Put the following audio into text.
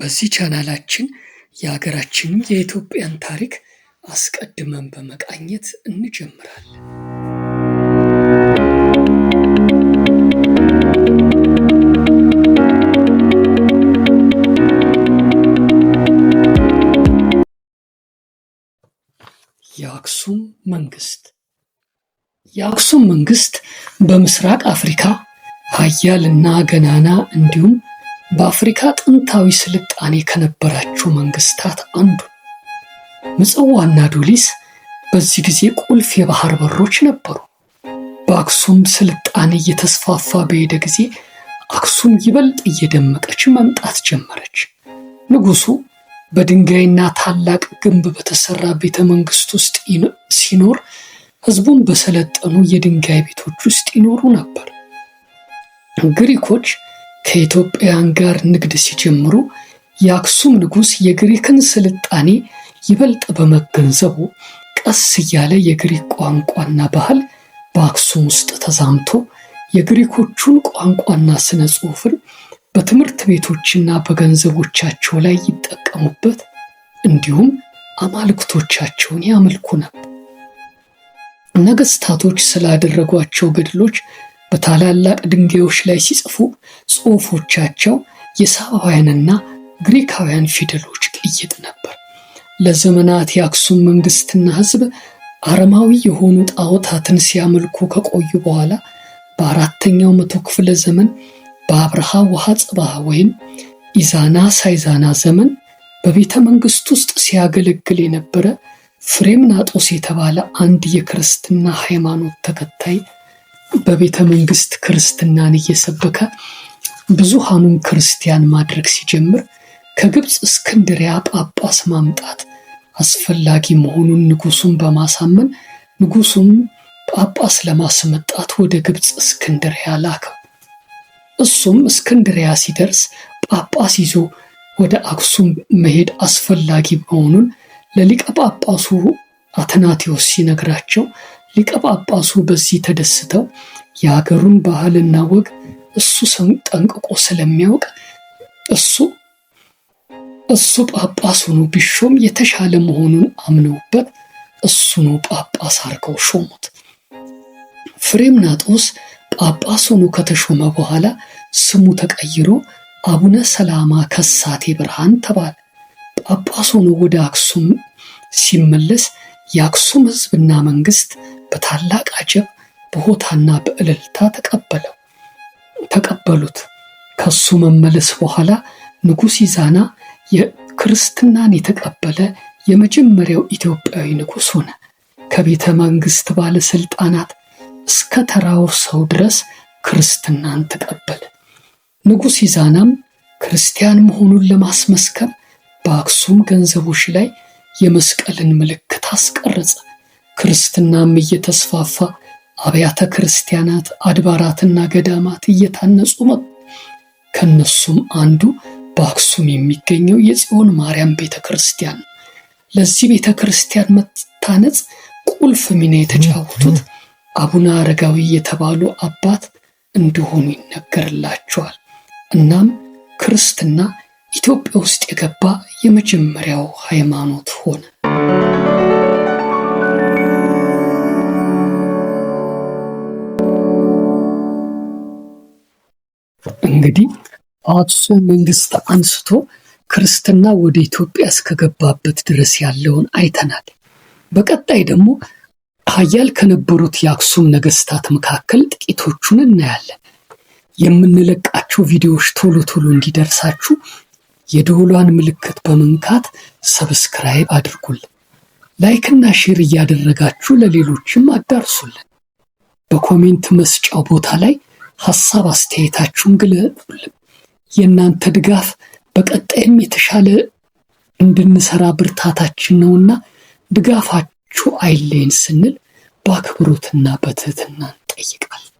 በዚህ ቻናላችን የሀገራችን የኢትዮጵያን ታሪክ አስቀድመን በመቃኘት እንጀምራለን። የአክሱም መንግስት የአክሱም መንግስት በምስራቅ አፍሪካ እና ገናና እንዲሁም በአፍሪካ ጥንታዊ ስልጣኔ ከነበራቸው መንግስታት አንዱ። ምጽዋና ዶሊስ በዚህ ጊዜ ቁልፍ የባህር በሮች ነበሩ። በአክሱም ስልጣኔ እየተስፋፋ በሄደ ጊዜ አክሱም ይበልጥ እየደመቀች መምጣት ጀመረች። ንጉሱ በድንጋይና ታላቅ ግንብ በተሰራ ቤተ መንግስት ውስጥ ሲኖር፣ ህዝቡን በሰለጠኑ የድንጋይ ቤቶች ውስጥ ይኖሩ ነበር። ግሪኮች ከኢትዮጵያውያን ጋር ንግድ ሲጀምሩ የአክሱም ንጉሥ የግሪክን ስልጣኔ ይበልጥ በመገንዘቡ ቀስ እያለ የግሪክ ቋንቋና ባህል በአክሱም ውስጥ ተዛምቶ የግሪኮቹን ቋንቋና ስነ ጽሑፍን በትምህርት ቤቶችና በገንዘቦቻቸው ላይ ይጠቀሙበት፣ እንዲሁም አማልክቶቻቸውን ያመልኩ ነበር። ነገሥታቶች ስላደረጓቸው ገድሎች በታላላቅ ድንጋዮች ላይ ሲጽፉ ጽሑፎቻቸው የሳባውያንና ግሪካውያን ፊደሎች ቅይጥ ነበር። ለዘመናት የአክሱም መንግስትና ህዝብ አረማዊ የሆኑ ጣዖታትን ሲያመልኩ ከቆዩ በኋላ በአራተኛው መቶ ክፍለ ዘመን በአብርሃ ውሃ ጽባህ ወይም ኢዛና ሳይዛና ዘመን በቤተ መንግስት ውስጥ ሲያገለግል የነበረ ፍሬምናጦስ የተባለ አንድ የክርስትና ሃይማኖት ተከታይ በቤተ መንግስት ክርስትናን እየሰበከ ብዙሃኑን ክርስቲያን ማድረግ ሲጀምር ከግብፅ እስክንድሪያ ጳጳስ ማምጣት አስፈላጊ መሆኑን ንጉሱን በማሳመን ንጉሱም ጳጳስ ለማስመጣት ወደ ግብፅ እስክንድሪያ ላከው። እሱም እስክንድሪያ ሲደርስ ጳጳስ ይዞ ወደ አክሱም መሄድ አስፈላጊ መሆኑን ለሊቀ ጳጳሱ አትናቴዎስ ሲነግራቸው ሊቀ ጳጳሱ በዚህ ተደስተው የሀገሩን ባህልና ወግ እሱ ሰው ጠንቅቆ ስለሚያውቅ እሱ እሱ ጳጳስ ሆኖ ቢሾም የተሻለ መሆኑን አምነውበት እሱ ነው ጳጳስ አድርገው ሾሙት። ፍሬም ናጦስ ጳጳስ ሆኖ ከተሾመ በኋላ ስሙ ተቀይሮ አቡነ ሰላማ ከሳቴ ብርሃን ተባለ። ጳጳስ ሆኖ ወደ አክሱም ሲመለስ የአክሱም ሕዝብና መንግስት በታላቅ አጀብ በሆታና በእልልታ ተቀበለው ተቀበሉት። ከሱ መመለስ በኋላ ንጉሥ ይዛና ክርስትናን የተቀበለ የመጀመሪያው ኢትዮጵያዊ ንጉሥ ሆነ። ከቤተ መንግሥት ባለሥልጣናት እስከ ተራው ሰው ድረስ ክርስትናን ተቀበለ። ንጉሥ ይዛናም ክርስቲያን መሆኑን ለማስመስከር በአክሱም ገንዘቦች ላይ የመስቀልን ምልክት አስቀረጸ። ክርስትናም እየተስፋፋ አብያተ ክርስቲያናት፣ አድባራትና ገዳማት እየታነጹ መጡ። ከነሱም አንዱ በአክሱም የሚገኘው የጽዮን ማርያም ቤተ ክርስቲያን ነው። ለዚህ ቤተ ክርስቲያን መታነጽ ቁልፍ ሚና የተጫወቱት አቡነ አረጋዊ የተባሉ አባት እንደሆኑ ይነገርላቸዋል። እናም ክርስትና ኢትዮጵያ ውስጥ የገባ የመጀመሪያው ሃይማኖት ሆነ። እንግዲህ አዋትሶ መንግስት አንስቶ ክርስትና ወደ ኢትዮጵያ እስከገባበት ድረስ ያለውን አይተናል። በቀጣይ ደግሞ ሀያል ከነበሩት የአክሱም ነገስታት መካከል ጥቂቶቹን እናያለን። የምንለቃቸው ቪዲዮዎች ቶሎ ቶሎ እንዲደርሳችሁ የደወሏን ምልክት በመንካት ሰብስክራይብ አድርጉልን። ላይክና ሼር እያደረጋችሁ ለሌሎችም አዳርሱልን። በኮሜንት መስጫው ቦታ ላይ ሀሳብ አስተያየታችሁን ግለጡልን። የእናንተ ድጋፍ በቀጣይም የተሻለ እንድንሰራ ብርታታችን ነውና ድጋፋችሁ አይለይን ስንል በአክብሮትና በትህትና እንጠይቃለን።